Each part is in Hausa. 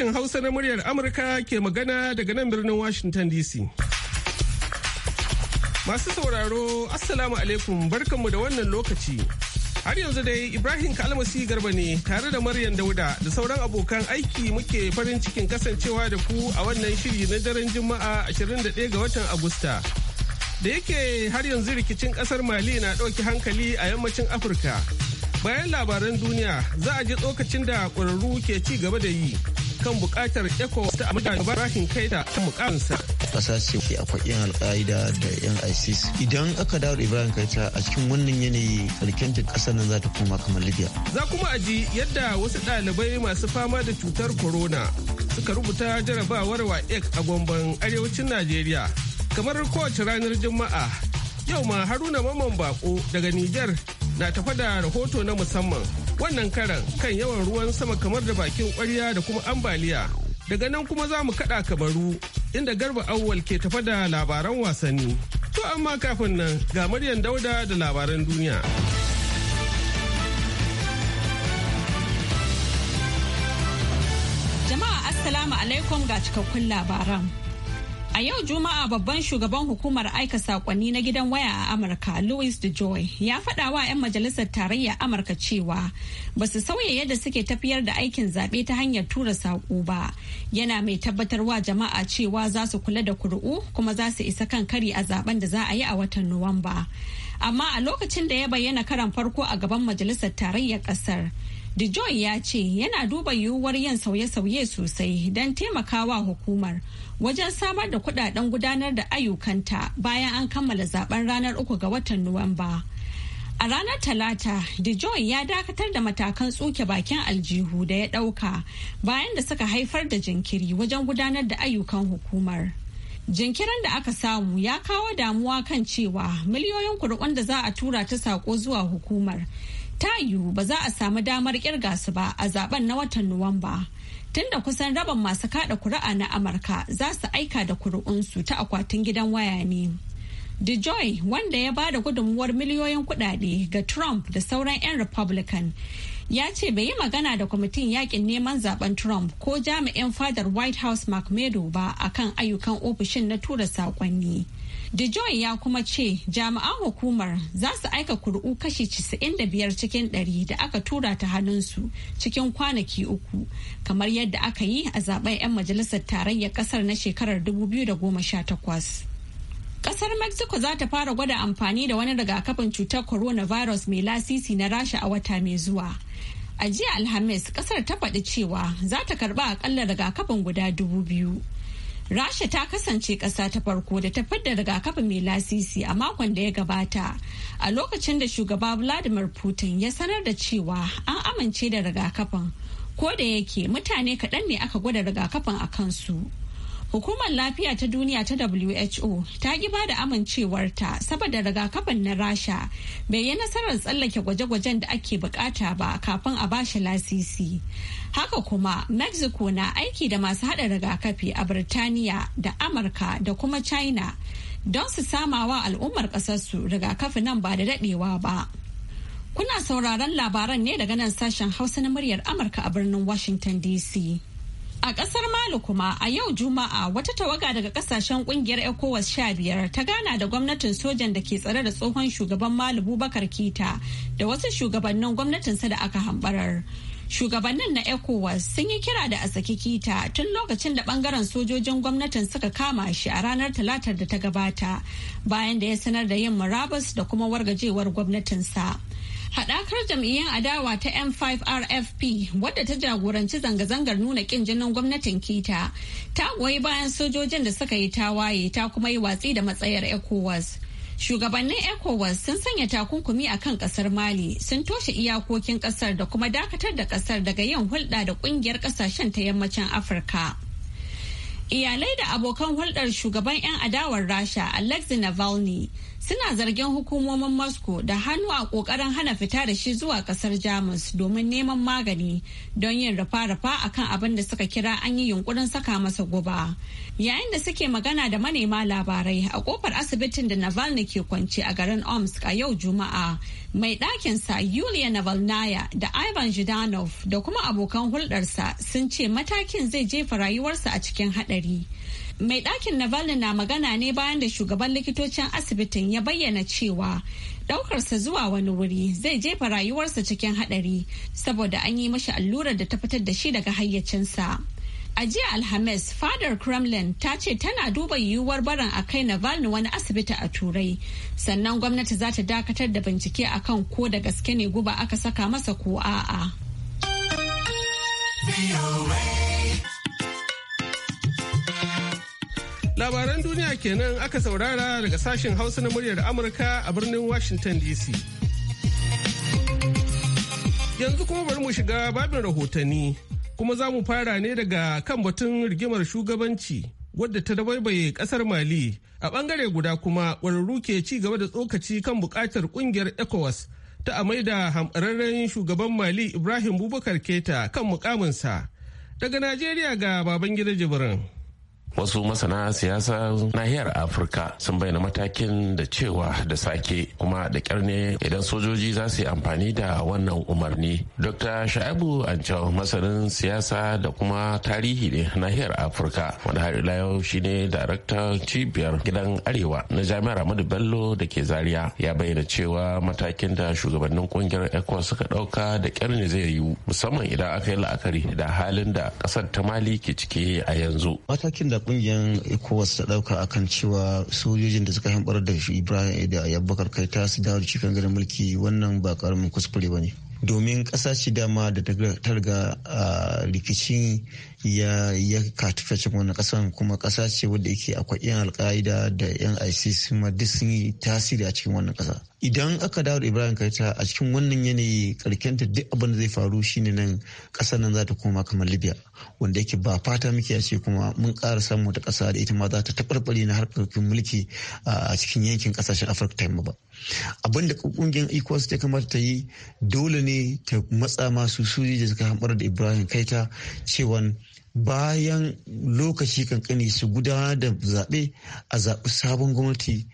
Sashen Hausa na muryar Amurka ke magana daga nan birnin Washington DC. Masu sauraro, Assalamu alaikum barkanmu da wannan lokaci. Har yanzu dai Ibrahim Kalmasi Garba ne tare da Maryam Dauda da sauran abokan aiki muke farin cikin kasancewa da ku a wannan shiri na daren Juma'a 21 ga watan Agusta. Da yake har yanzu rikicin kasar Mali na ɗauki hankali a yammacin Afirka. Bayan labaran duniya za a ji tsokacin da ƙwararru ke ci gaba da yi. kan bukatar ECOWAS ta amurka gaba rahin kai da kan Ƙasa ce ke akwai 'yan alƙa'ida da 'yan ISIS. Idan aka dawo da Ibrahim Kaita a cikin wannan yanayi alkentar kasar nan za ta koma kamar Libya. Za kuma a ji yadda wasu ɗalibai masu fama da cutar corona suka rubuta jarabawar ek a gomban arewacin Najeriya. Kamar kowace ranar Juma'a yau ma Haruna Maman Bako daga Nijar na tafa da rahoto na musamman Wannan karan kan yawan ruwan sama kamar da bakin kwarya da kuma ambaliya. Daga nan kuma za mu kaɗa kamaru inda garba awwal ke tafa da labaran wasanni. To amma kafin nan ga Maryam Dauda da labaran duniya. Jama'a Assalamu alaikum ga cikakkun labaran. A yau Juma'a babban shugaban hukumar aika sakonni na gidan waya a Amurka Louis DeJoy ya faɗa wa 'yan majalisar tarayya Amurka cewa ba su sauya yadda suke tafiyar da aikin zaɓe ta hanyar tura saƙo ba. Yana mai tabbatar wa jama'a cewa za su kula da kuri'u kuma za su isa kan kari a zaben da za a yi a watan Nuwamba. Amma a lokacin da ya bayyana karan farko a gaban majalisar tarayyar ƙasar. DeJoy ya ce yana duba yiwuwar yin sauye-sauye sosai don taimakawa hukumar wajen samar da kudaden gudanar da ayyukanta bayan an kammala zaben ranar uku ga watan Nuwamba. A ranar Talata, Dijon ya dakatar da matakan tsuke bakin aljihu da ya dauka bayan da suka haifar da jinkiri wajen gudanar da ayyukan hukumar. Jinkirin da aka samu ya kawo damuwa kan cewa miliyoyin kuri'un da za a tura ta sako zuwa hukumar. ta yiwu ba za a samu damar kirga su ba a zaben na watan nuwamba tunda kusan rabin masu kada kuri'a na amurka za su aika da kuri'unsu ta akwatin gidan waya ne DeJoy wanda ya ba da gudunmuwar miliyoyin kudade ga Trump da sauran 'yan Republican ya ce bai yi magana da kwamitin yakin neman zaben Trump ko jami'in fadar White House Mark Meadow ba akan ayyukan ofishin na tura saƙonni. DeJoy ya kuma ce jami'an hukumar za su aika kuri'u kashi 95 cikin 100 da aka tura ta hannunsu cikin kwanaki uku kamar yadda aka yi a zaben 'yan majalisar tarayyar kasar na shekarar 2018. Kasar Mexico za ta fara gwada amfani da wani rigakafin cutar coronavirus mai lasisi na rasha a wata mai zuwa. A jiya Alhamis kasar ta faɗi cewa za ta karba akalla rigakafin guda dubu biyu. Rasha ta kasance ƙasa ta farko da ta fidda rigakafi mai lasisi a makon da ya gabata a lokacin da shugaba Vladimir Putin ya sanar da cewa an amince da rigakafin ko da yake mutane kaɗan ne aka gwada rigakafin a kansu. Hukumar lafiya ta duniya ta WHO ta ki ba da amincewarta saboda rigakafin na Rasha bai yi nasarar tsallake gwaje-gwajen da ake bukata ba kafin a bashi lasisi. Haka kuma Mexico na aiki da masu hada rigakafi a Birtaniya da Amurka da kuma China don su samawa al'ummar ƙasarsu rigakafi nan ba da dadewa ba. Kuna sauraron labaran ne daga nan sashen Hausa na muryar Amurka a birnin Washington DC. A kasar malu kuma a yau Juma'a wata tawaga daga kasashen kungiyar ECOWAS sha biyar ta gana da gwamnatin sojan da ke tsare da tsohon shugaban malu Bubakar Kita da wasu shugabannin gwamnatinsa da aka hambarar. shugabannin na ecowas sun yi kira da a saki kita tun lokacin da bangaren sojojin gwamnatin suka kama shi a ranar talatar da ta gabata bayan da ya sanar da yin murabus da kuma wargajewar gwamnatinsa haɗakar jam'iyyar adawa ta m5rfp wadda ta jagoranci zanga-zangar nuna kin jinin gwamnatin kita ta goyi bayan sojojin da suka yi tawaye ta kuma yi watsi da matsayar ecowas Shugabannin ECOWAS sun sanya takunkumi a kan kasar Mali sun toshe iyakokin kasar da kuma dakatar da kasar daga yin hulɗa da kungiyar kasashen ta yammacin Afirka. Iyalai da abokan hulɗar shugaban 'yan adawar Rasha Alexei Navalny suna zargin hukumomin Moscow da hannu a kokarin hana fita da shi zuwa kasar Jamus domin neman magani don yin rafa-rafa akan abin da suka kira an yi yunkurin saka masa guba. Yayin da suke magana da manema labarai a kofar asibitin da Navalny ke kwance a garin Omsk a yau Juma'a, mai ɗakinsa Yulia Navalnaya da Ivan Zhidanov da kuma abokan hulɗarsa sun ce matakin zai jefa rayuwarsa a cikin haɗari. hadari. Mai ɗakin Navalny na magana ne bayan da shugaban likitocin asibitin ya bayyana cewa ɗaukarsa zuwa wani wuri zai jefa rayuwarsa cikin hadari saboda an yi mashi allurar da ta fitar da shi daga hayyacinsa. A jiya Alhamis, fadar Kremlin ta ce tana duba yiwuwar barin a kai Navalny wani asibiti a Turai. Sannan gwamnati za ta dakatar da bincike akan ko da gaske ne guba aka saka masa ko a'a. Labaran duniya kenan aka saurara daga sashen Hausa na muryar Amurka a birnin Washington DC. Yanzu kuma bari mu shiga babin rahotanni, kuma za mu fara ne daga kan batun rigimar shugabanci wadda ta dabaibaye kasar Mali. A bangare guda kuma ƙwararru ke ci gaba da tsokaci kan bukatar ƙungiyar ECOWAS ta amai da hamɓararren shugaban mali ibrahim bubakar keta kan mukaminsa daga najeriya ga baban gida jibirin wasu masana siyasa nahiyar afirka sun bayyana matakin da cewa da sake kuma da kyarne idan sojoji za su yi amfani da wannan umarni dr sha'abu ancau masanin siyasa da kuma tarihi ne nahiyar afirka wanda har ila yau shine daraktan cibiyar gidan arewa na jami'ar amadu bello da ke zaria ya bayyana cewa matakin da shugabannin kungiyar ecowas suka dauka da kyarne zai yiwu musamman idan aka yi la'akari da halin da kasar ta mali ke ciki a yanzu matakin da kungiyar ecowas ta dauka akan cewa sojojin da suka hanbar da ibrahim eh, da abubakar kai ta su dawo da cikin garin mulki wannan ba karamin kuskure ba ne domin ƙasa dama da ta a rikicin ya ya katifacin wani kasan kuma kasa ce wadda yake akwai 'yan alka'ida da 'yan isis ma duk sun yi tasiri a cikin wannan kasa idan aka dawo da ibrahim kaita a cikin wannan yanayi ta duk abin da zai faru shine nan ƙasar nan za ta koma kamar libya wanda yake ba fata muke ce kuma mun ƙara samu wata ƙasa da ita ma za ta taɓarɓare na harkokin mulki a cikin yankin ƙasashen afirka ta yamma ba abin da ƙungiyar ecowas ta kamata ta yi dole ne ne ta matsa masu suji da suka hamɓar da ibrahim kaita cewan bayan lokaci kankani su gudanar da zaɓe a zaɓi sabon gwamnati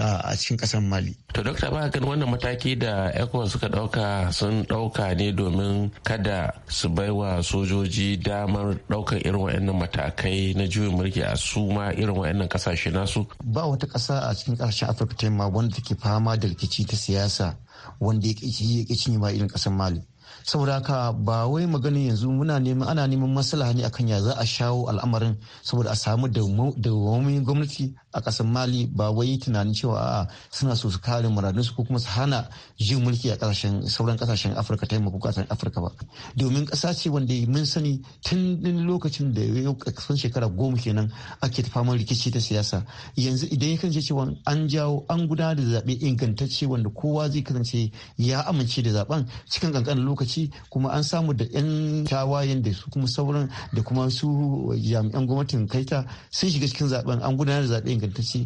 a cikin ƙasar mali. to dokta ba kan wannan mataki da ecowas suka ɗauka sun ɗauka ne domin kada su baiwa sojoji damar ɗaukar irin waɗannan matakai na juyin mulki a su ma irin waɗannan ƙasashe nasu. ba wata ƙasa a cikin ƙasashen afirka ta yamma wanda take fama da rikici ta siyasa wanda ya ƙi ma irin ƙasar mali. saboda haka ba wai magana yanzu muna neman ana neman maslaha ne akan ya za a shawo al'amarin saboda a samu dawwamin gwamnati a ƙasar mali ba wai tunanin cewa a'a suna so su kare muradunsu ko kuma su hana jin mulki a ƙasashen sauran ƙasashen afirka ta yamma ƙasashen afirka ba domin ƙasa ce wanda mun sani tun lokacin da ya kusan shekara goma kenan ake faman rikici ta siyasa yanzu idan ya kasance cewa an jawo an gudanar da zaɓe ingantacce wanda kowa zai kasance ya amince da zaben cikin ƙanƙanin lokaci lokaci kuma an samu da 'yan tawayen da su kuma sauran da kuma su jami'an gwamnatin kaita sun shiga cikin zaben an gudanar da zaɓe ingantacce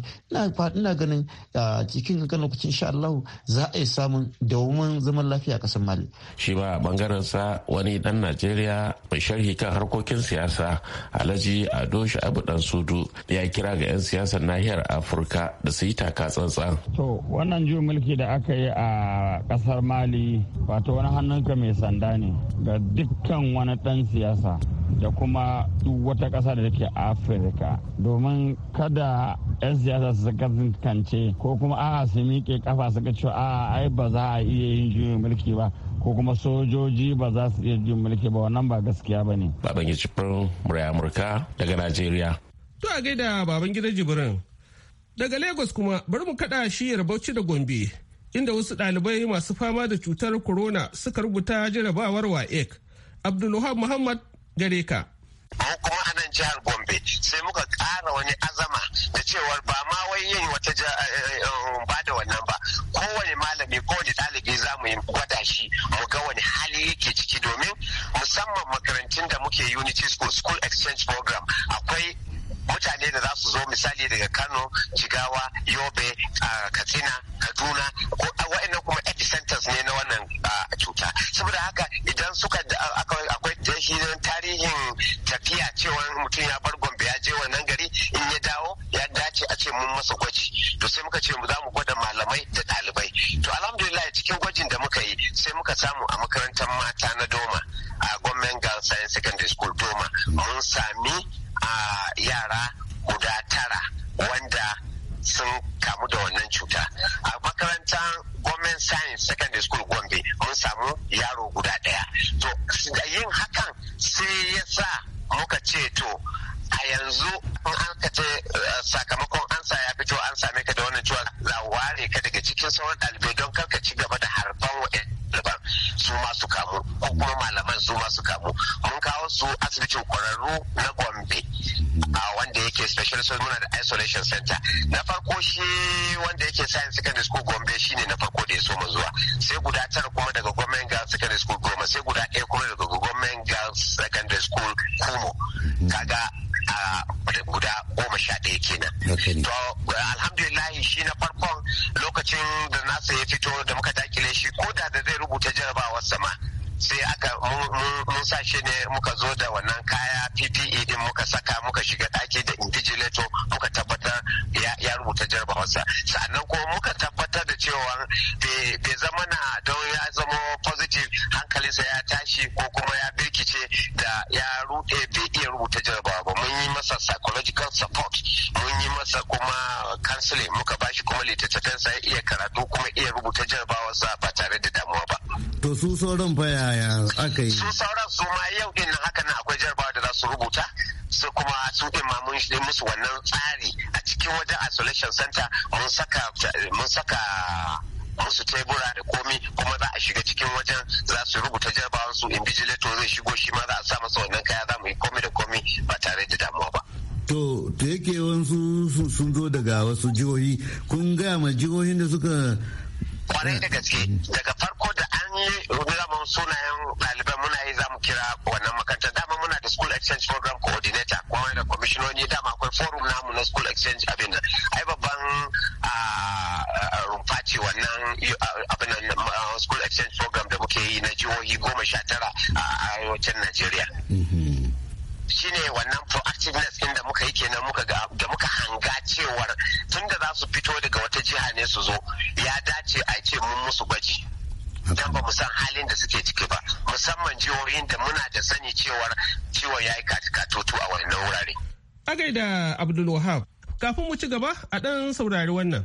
ina ganin a cikin kan lokaci insha Allah za a yi samun dawomin zaman lafiya a ƙasar Mali. Shi ba bangaren sa wani dan Najeriya mai sharhi kan harkokin siyasa Alhaji Ado Sha'abu Dan Sudu ya kira ga 'yan siyasar nahiyar Afirka da su yi taka tsantsan. To wannan juyin mulki da aka yi a ƙasar Mali wato wani hannun ka mai mai sanda ne ga dukkan wani ɗan siyasa da kuma wata ƙasa da take afirka domin kada 'yan siyasa su kankance ko kuma a su miƙe kafa su ga cewa ai ba za a iya yin juyin mulki ba ko kuma sojoji ba za su iya juyin mulki ba wannan ba gaskiya ba ne. Babangida Jibrin Murai Amurka daga Najeriya. To a gaida Babangida Jibrin. Daga Lagos kuma bari mu kaɗa shiyar Bauchi da Gombe. inda wasu ɗalibai masu fama da cutar corona suka rubuta jarabawar waec abdulluhab muhammad gare ka kuma a nan jihar gombe sai muka ƙara wani azama da cewar ba ma wai yin wata eh, eh, eh, um, ba da wannan ba kowane malami kowane ɗalibi za mu yi gwada shi mu ga wani hali yake ciki domin musamman makarantun da muke unity school school exchange program akwai mutane da za su zo misali daga kano jigawa yobe katsina kaduna ko wa'annan kuma epicenters ne na wannan cuta saboda haka idan suka akwai tarihin tafiya cewa mutum ya bar gombe ya je wannan gari in ya dawo ya dace a ce mun masa gwaji to sai muka ce za mu gwada malamai da ɗalibai to alhamdulillah cikin gwajin da muka yi sai muka samu a makarantar mata na doma a gwamnan girls science secondary school doma mun sami yara guda tara wanda sun kamu da wannan cuta a makarantar government science secondary school gombe mun samu yaro guda daya to yin haka masa exchange program coordinator kuma da kwamishinoni dama akwai forum namu na school exchange abin nan ai babban ah, ah, rumfa ce wannan ah, abin school exchange program da muke yi na jihohi goma sha tara a arewacin najeriya mm-hmm. shine wannan proactiveness din da muka yi kenan muka ga da muka hanga cewar tun da za su fito daga wata jiha ne su zo ya dace a ce mun musu gwaji dan ba mu san halin da suke ciki ba musamman jihohin da muna da sani cewar ciwon ya yi katoto a wannan wurare. A gaida Abdul Wahab, kafin mu ci gaba a ɗan saurari wannan.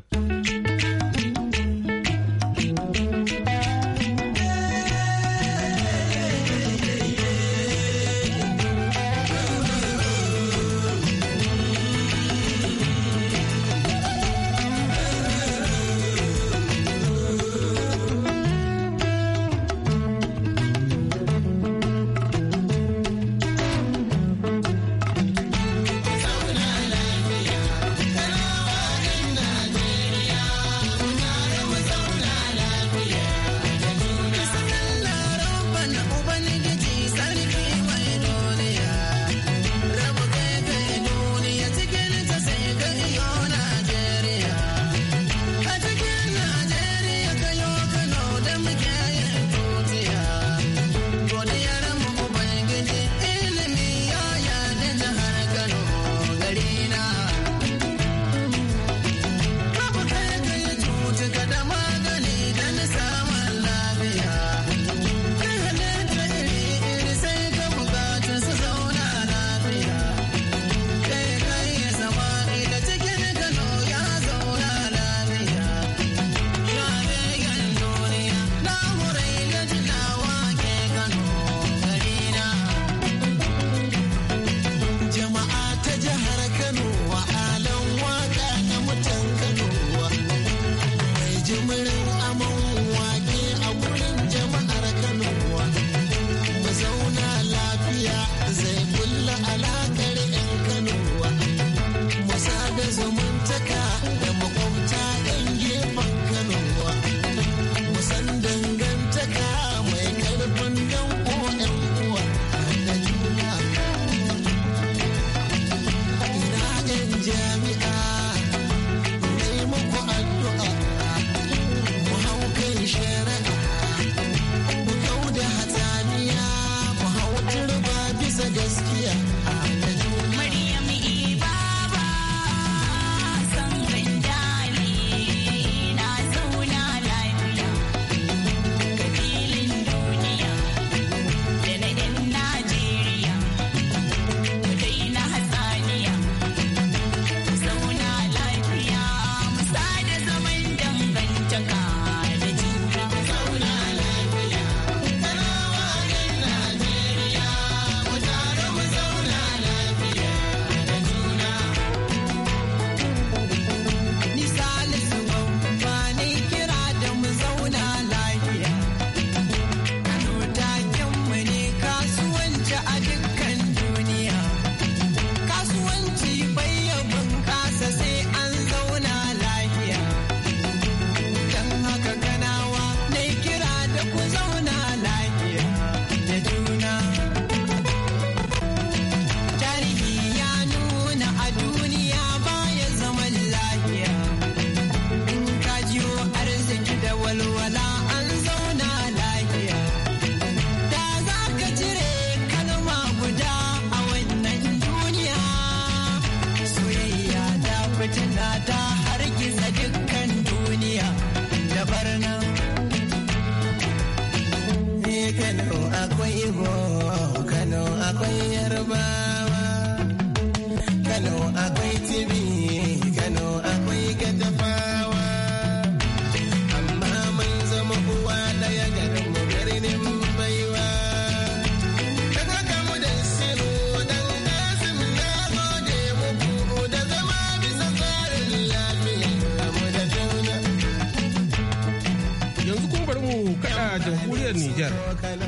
jamhuriyar Nijar,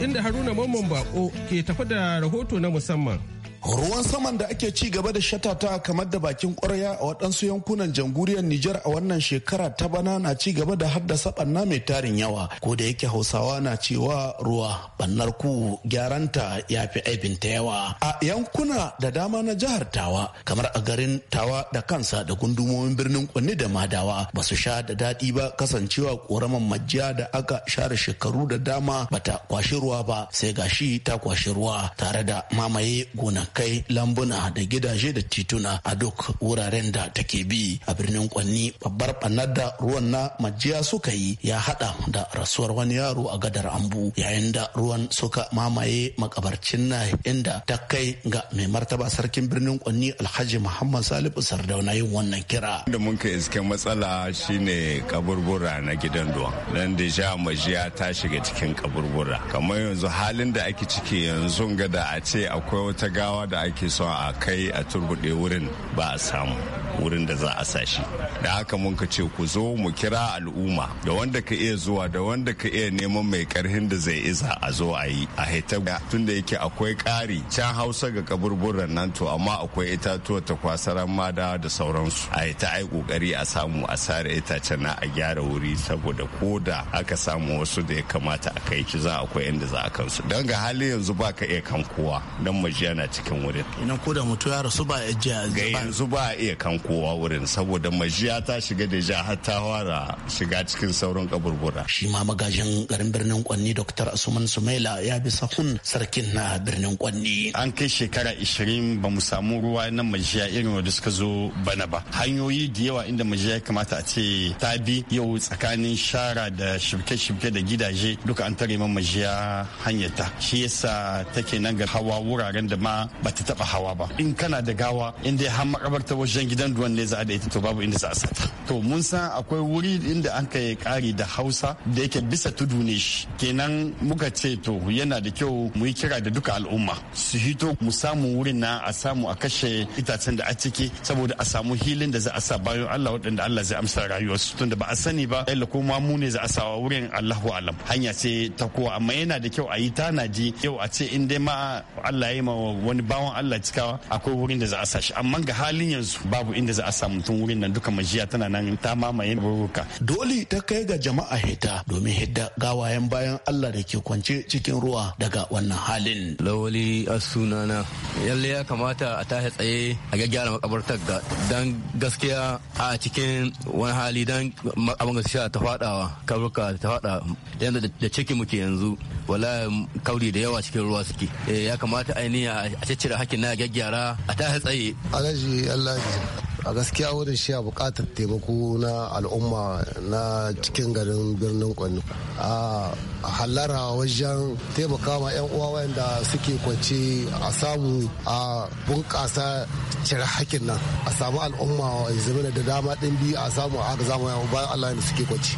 inda Haruna Mamman Bako ke tafi da rahoto na musamman. ruwan saman da ake ci gaba da shatata kamar da bakin kwarya a waɗansu yankunan jamhuriyar Nijar a wannan shekara ta bana na ci gaba da haddasa ɓanna mai tarin yawa ko da yake Hausawa na cewa ruwa bannar ku gyaranta ya fi ta yawa a yankuna da dama na jihar Tawa kamar a garin Tawa da kansa da gundumomin birnin Kwanni da Madawa ba su sha da daɗi ba kasancewa ƙoraman majiya da aka share shekaru da dama bata kwashi ruwa ba sai gashi ta kwashi ruwa tare da mamaye gonan kai lambuna da gidaje da tituna a duk wuraren da take bi a birnin kwanni babbar banar da ruwan na majiya suka yi ya hada da rasuwar wani yaro a gadar ambu yayin da ruwan suka mamaye makabarcin na inda ta kai ga mai martaba sarkin birnin kwanni alhaji muhammad salihu sardauna yin wannan kira da mun ka iske matsala shine kaburbura na gidan ruwan nan da ja majiya ta shiga cikin kaburbura kamar yanzu halin da ake ciki yanzu ga da a ce akwai wata gawa da ake so a kai a turbuɗe wurin ba a samu wurin da za a sa shi da haka mun ka ce ku zo mu kira al'umma da wanda ka iya zuwa da wanda ka iya neman mai karhin da zai iza a zo a yi a haita tun da yake akwai ƙari can hausa ga kaburburan nan to amma akwai itatuwa ta kwasaran mada da sauransu a haita ai kokari a samu a sare itacen na a gyara wuri saboda ko da aka samu wasu da ya kamata a kai shi za akwai inda za a kansu don ga hali yanzu ba ka iya kan kowa don majiya na cikin wurin. ko da mutu ya rasu ba ya ji a yanzu ba a iya kan kowa wurin saboda majiya ta shiga da ja ta fara shiga cikin sauran kaburbura. Shi ma magajin garin birnin Kwanni Dr. Asuman Sumaila ya bi sahun sarkin na birnin Kwanni. An kai shekara 20 ba mu samu ruwa na majiya irin wanda suka zo bana ba. Hanyoyi da yawa inda majiya ya kamata a ce ta bi yau tsakanin shara da shirke-shirke da gidaje duka an tare ma majiya hanyar ta. Shi yasa take nan ga hawa wuraren da ma ba ta taba hawa ba. In kana da gawa in dai har makabarta wajen gidan gold wanda ya za da ita to babu inda za a sata to mun san akwai wuri inda an kai kari da hausa da yake bisa tudu ne shi kenan muka ce to yana da kyau mu yi kira da duka al'umma su hito mu samu wurin na a samu a kashe itacen da a ciki saboda a samu hilin da za a sa bayan Allah waɗanda Allah zai amsa rayuwarsu tunda ba a sani ba yalla ko ma mu ne za a sa wurin Allahu alam hanya ce ta kowa amma yana da kyau a yi ji yau a ce in dai ma Allah ya yi ma wani bawan Allah cikawa akwai wurin da za a sa shi amma ga halin yanzu babu inda inda za a samu tun wurin nan duka majiya tana nan ta mamaye ruruka. doli ta kai ga jama'a hita domin hidda gawayen bayan Allah da ke kwance cikin ruwa daga wannan halin. Lawali a sunana yalle ya kamata a tashi tsaye a gyaggyara makabartar ga dan gaskiya a cikin wani hali dan abin gaskiya ta fadawa kabuka ta fada yanda da ciki muke yanzu wala kauri da yawa cikin ruwa suke eh, ya kamata ainihi a ciccire hakkin na gyaggyara a tashi tsaye. Alhaji Allah a gaskiya wurin shi a buƙatar taimako na al'umma na cikin garin birnin kwanni a hallara wajen taimaka ma 'yan uwa wanda suke kwance a samu a bunƙasa cire hakin nan a samu al'umma zama da dama ɗin biyu a samu a zama bayan allah da suke kwance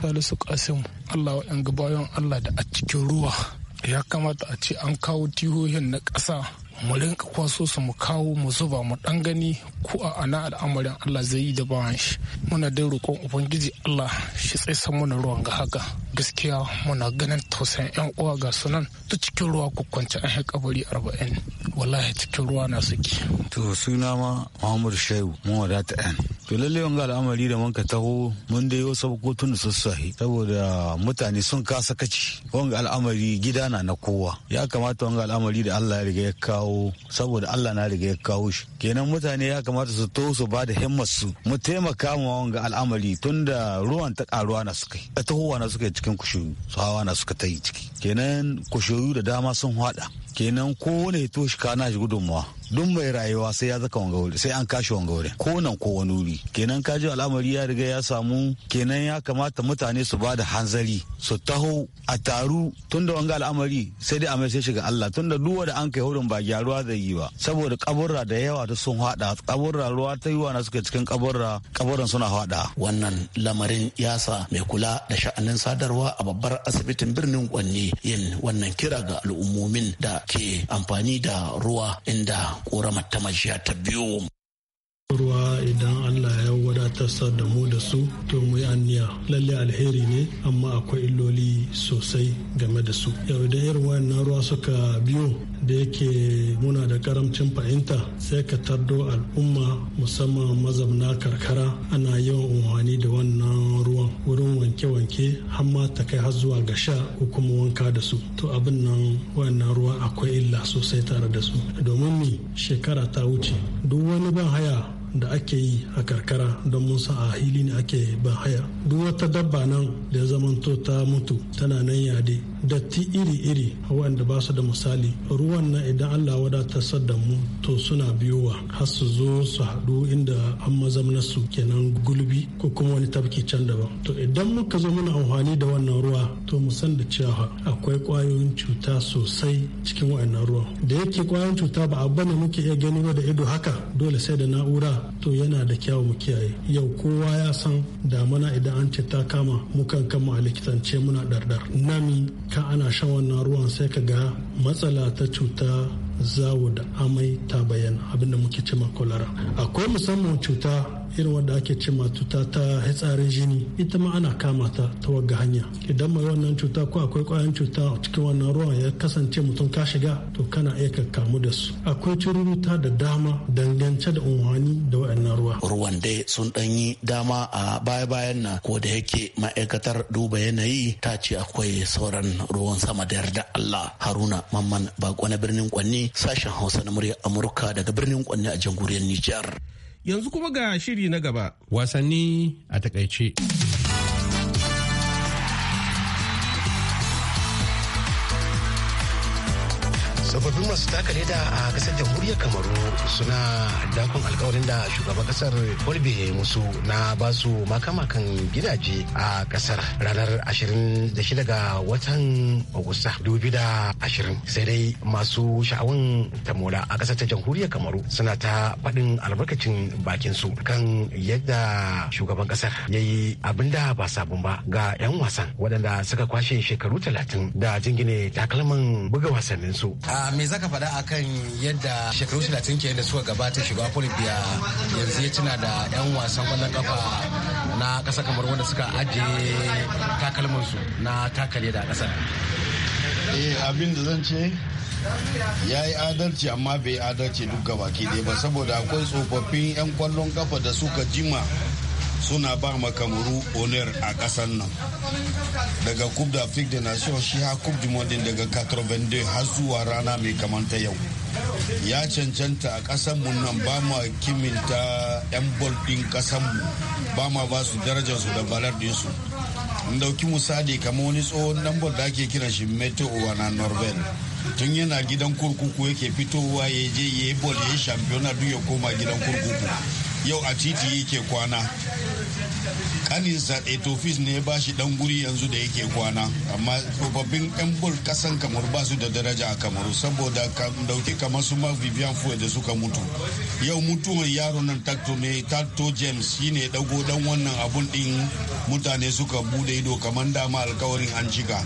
salisu kasim allah wa gabayon allah da a cikin ruwa ya kamata a ce an kawo tihohin na ƙasa mu rinka kwaso su mu kawo mu zuba mu dan gani ko a ana al'amarin Allah zai yi da bawan shi muna da roƙon ubangiji Allah shi tsaye mana ruwan ga haka gaskiya muna ganin tausayin yan uwa ga sunan ta cikin ruwa ku kwanci an kabari arba'in wallahi cikin ruwa na suke. to suna ma Muhammad Shehu mun wadata yan to lalle wanga al'amari da manka taho mun dai wasu kotun da sassahi saboda mutane sun kasa kaci wanga al'amari gida na na kowa ya kamata wanga al'amari da Allah ya riga ya kawo kawo saboda Allah na riga ya kawo shi kenan mutane ya kamata su to su ba da su mu taimaka mu wanga al'amari tunda ruwan ta karuwa na suka yi ta tahowa na suka yi cikin kushoyu su hawa na suka ta yi ciki kenan kushoyu da dama sun hada kenan kowane ne to shi kana shi gudunmawa duk mai rayuwa sai ya zaka wanga wuri sai an kashi wanga wuri ko nan ko wani wuri kenan ji al'amari ya riga ya samu kenan ya kamata mutane su bada hanzari su taho a taru tunda wanga al'amari sai dai a mai sai shiga Allah tunda duk da an kai hurin ba gyaruwa zai yi ba saboda kaburra da yawa da sun hada kaburra ruwa ta yi na suke cikin kaburra kaburran suna hada wannan lamarin yasa mai kula da sha'anin sadarwa a babbar asibitin birnin Kwanne yin wannan kira ga al'ummomin da ke amfani da ruwa inda ƙoramar ta majiya ta biyu. ruwa idan matasa da mu da su to mu yi anniya lalle alheri ne amma akwai illoli sosai game da su yau idan irin wayannan ruwa suka biyo da yake muna da karamcin fahimta sai ka tardo al'umma musamman mazamna karkara ana yawan unhwani da wannan ruwan wurin wanke-wanke hamma ta kai har zuwa ga sha ko kuma wanka da su to abin nan wannan ruwa akwai illa sosai tare da su domin ni shekara ta wuce duk wani ban haya da ake yi a karkara don mun san a hili ne ake ban haya duk wata dabba nan da ya zamanto ta mutu tana nan yade datti iri-iri waɗanda ba su da misali ruwan nan idan allah wadata sadda mu to suna biyowa har su zo su haɗu inda an mazamnarsu su kenan gulbi ko kuma wani tafki can daban to idan muka zo muna amfani da wannan ruwa to mu san da cewa akwai ƙwayoyin cuta sosai cikin waɗannan ruwan da yake kwayoyin cuta ba abu ne muke iya gani ba da ido haka dole sai da na'ura to yana da kyawu mu kiyaye yau kowa ya san damana idan an ce ta kama mukan kama a likitance muna dardar nami ka ana shan wannan ruwan sai ka ga matsala ta cuta zawo da amai ta bayyana abinda muke cema kwalara akwai musamman cuta irin wanda ake ce cuta ta hitsarin jini ita ma ana kama ta ta wagga hanya idan mai wannan cuta ko akwai kwayan cuta a cikin wannan ruwa ya kasance mutum ka shiga to kana iya ka da su akwai cururuta da dama dangance da unwani da waɗannan ruwa ruwan dai sun yi dama a baya bayan nan ko da yake ma'aikatar duba yanayi ta ce akwai sauran ruwan sama da yarda Allah Haruna Mamman Bako na birnin Kwanni sashen Hausa na murya Amurka daga birnin Kwanni a jamhuriyar Nijar. Yanzu kuma ga shiri na gaba. Wasanni a takaice. sababbin masu taka leda a kasar jamhuriyar kamaru suna dakon alkawarin da shugaban kasar kwalbe ya yi musu na basu makamakan gidaje a kasar ranar 26 ga watan agusta 2020 sai dai masu sha'awun tamola a kasar ta jamhuriyar kamaru suna ta faɗin albarkacin bakin su kan yadda shugaban kasar ya yi abin da ba sabon ba ga 'yan wasan waɗanda suka kwashe shekaru 30 da jingine takalman buga wasanninsu. me zaka faɗa kan yadda shekaru 30 ke da suka gabata shiga Bolivia yanzu ya tuna da 'yan wasan kwallon kafa na ƙasa kamar wanda suka ajiye su na takale da ƙasar. Eh abin da zan ce ya yi adalci amma bai adalci duk gabaki ɗaya ba saboda akwai tsofaffin 'yan kwallon kafa da suka jima suna ba ma kamaru oner a kasar nan daga coupe d'afrique de nation shi ha coupe du monde daga 82 har zuwa rana mai kamanta yau ya cancanta a mu nan ba ma kiminta 'yan bol ɗin mu ba ma ba su darajarsu da balar ɗinsu in dauki misali kamar wani tsohon dan bol da ake kiran shi meto na norvel tun yana gidan kurkuku yake fitowa ya je ya yi bol ya yi shampiyona duk ya koma gidan kurkuku yau a titi yake kwana kaninsa etofis eh, ne ba shi dan guri yanzu da yake kwana amma tsofaffin yan bol kasan kamar ba su da daraja a kamaru saboda dauki kamar su vivian fuwa da suka mutu yau mutuwar yaro nan takto ne takto james ne dago dan wannan abun din mutane suka bude ido kamar dama alkawarin an cika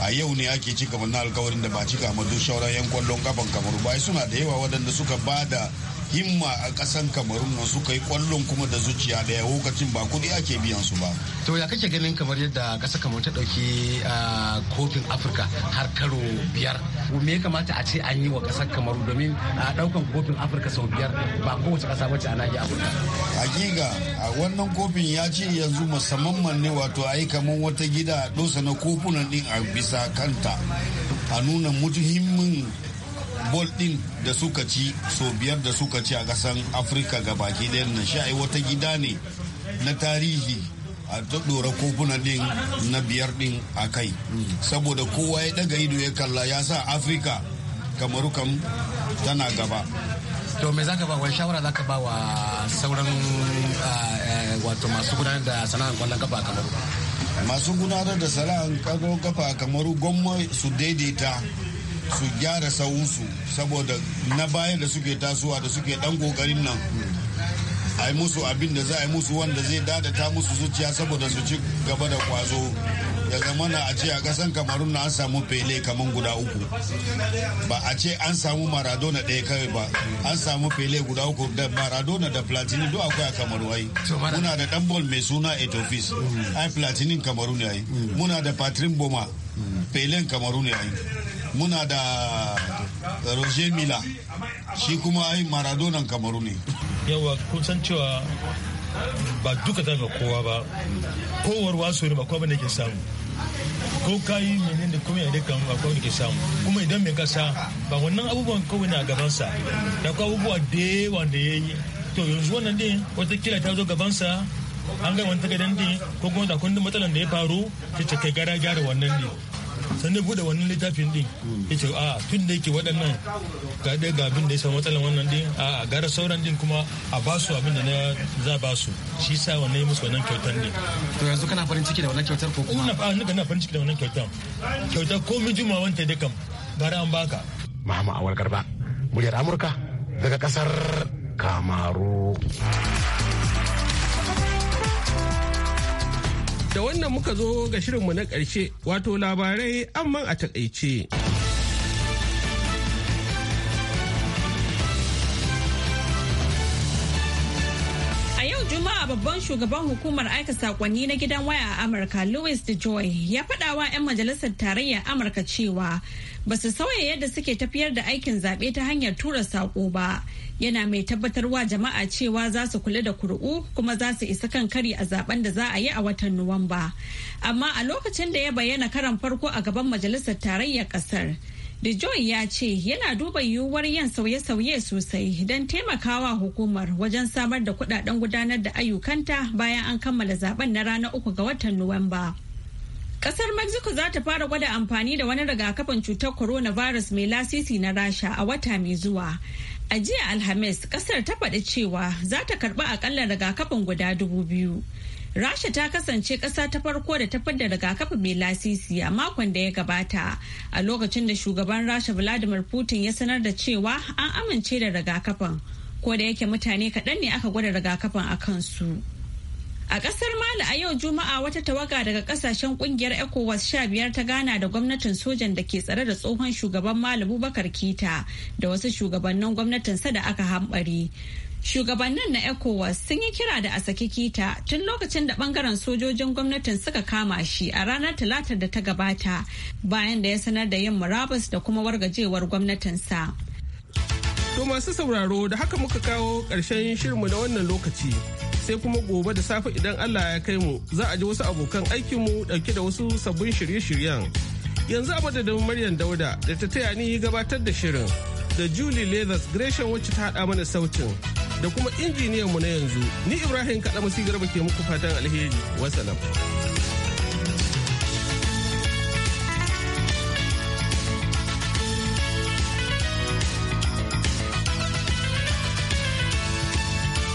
a yau ne ake cika wannan alkawarin da ba cika ma duk shauran yan kwallon kafan kamaru bai suna da yawa waɗanda suka bada himma a kasan kamarun nan suka yi kwallon kuma da zuciya daya lokacin ba kuɗi ake biyan su ba to ya kake ganin kamar yadda ƙasar kamar ta ɗauki kofin afirka har karo biyar me ya kamata a ce an yi wa ƙasar kamaru domin a ɗaukan kofin afirka sau biyar ba kowace ƙasa wacce a nahiyar afirka hakika a wannan kofin ya ce yanzu musamman ne wato a yi kamar wata gida dosa na kofunan din a bisa kanta a nuna mutuhimmin bol din da suka ci so biyar da suka ci a kasan afirka baki ɗayan nan sha'ai wata gida ne na tarihi a ta ɗora kofuna din na biyar din a kai saboda kowa ya daga ido ya kalla ya sa afirka kamaru kam tana gaba to me zaka ba wani shawara zaka ba wa sauran ah, eh, wato masu gudanar da sana'ar kwallon kafa kamaru masu gudanar da sana'ar kwallon kafa kamaru gwamnati su daidaita su gyara sauransu saboda na baya da suke tasowa da suke dan kokarin nan a yi musu abin da za a yi musu wanda zai dadata musu zuciya saboda su ci gaba da kwazo ya zama na a ce a kasan kamarun na an samu pele kaman guda uku ba a ce an samu maradona ɗaya kawai ba an samu pele guda uku da maradona da platini duk akwai a kamaru ai muna da dan bol mai suna etofis ai platinin kamaru ne ai mm. muna da patrin boma mm. pelen kamaru ne ai muna da roger mila shi kuma ai maradona kamaru ne yawa san cewa ba duka ta ga kowa ba kowar wasu ne ba kowa ne ke samu ko kayi ne menene da kuma yadda kan ba kowa ne ke samu kuma idan mai kasa ba wannan abubuwan kawai na gabansa da kuma abubuwa da yawa da ya yi to yanzu wannan din kila ta zo gabansa an gama ta gadan din ko kuma da kundin matsalan da ya faru ta ce kai gara gyara wannan ne sannan bude wannan littafin din ya ce a ah, tun da yake waɗannan ga ɗaya ga abin da ya samu matsalan wannan din a gara sauran din kuma a ba su abin da na za ba su shi sa wannan yi musu wannan kyautar din. to yanzu kana farin ciki da wannan kyautar ko kuma? ina farin ciki da wannan kyautar kyautar juma wani ta kam gara an baka. Mahama Awal Garba, muryar Amurka daga kasar Kamaru. da wannan muka zo ga shirinmu na ƙarshe wato labarai amma a takaice. babban shugaban hukumar aika sakonni na gidan waya a Amurka Louis DeJoy ya faɗa wa 'yan majalisar tarayyar Amurka cewa ba su sauya yadda suke tafiyar da aikin zaɓe ta hanyar tura saƙo ba. Yana mai tabbatarwa jama'a cewa za su kula da kuri'u kuma za su isa kan kari a zaben da za a yi a watan Nuwamba. Amma a lokacin da ya bayyana karan farko a gaban majalisar tarayyar ƙasar. Dijon ya ce yana duba yiwuwar yin sauye-sauye sosai don taimakawa hukumar wajen samar da kudaden gudanar da ayyukanta bayan an kammala zaben na ranar uku ga watan Nuwamba. Kasar Mexico za ta fara gwada amfani da wani rigakafin cutar coronavirus mai lasisi na rasha a wata mai zuwa. A jiya Alhamis, kasar ta faɗi cewa za ta karɓi akalla rigakafin guda dubu biyu. Rasha ta kasance ƙasa ta farko da ta fidda rigakafi mai lasisi a makon da ya gabata a lokacin da shugaban Rasha Vladimir Putin ya sanar da cewa an amince da rigakafin ko da yake mutane kaɗan ne aka gwada rigakafin a kansu. A ƙasar Mali a yau Juma'a wata tawaga daga ƙasashen ƙungiyar ECOWAS sha biyar ta gana da gwamnatin sojan da ke tsare da tsohon shugaban Mali Bubakar Kita da wasu shugabannin gwamnatin sa da aka hambari. Shugabannin na ECOWAS sun yi kira da a saki kita tun lokacin da bangaren sojojin gwamnatin suka kama shi a ranar talatar da ta gabata bayan da ya sanar da yin murabus da kuma wargajewar gwamnatinsa. To masu sauraro da haka muka kawo ƙarshen shirinmu na wannan lokaci. sai kuma gobe da safe idan Allah ya kai mu za a ji wasu abokan aikinmu ɗauke da wasu sabbin shirye-shiryen. Yanzu a madadin Maryam Dauda da ta taya ni gabatar da shirin da Julie Leathers Gresham wacce ta haɗa mana sautin da kuma injiniyanmu na yanzu ni ibrahim kaɗa garba ke muku fatan alheri wasalam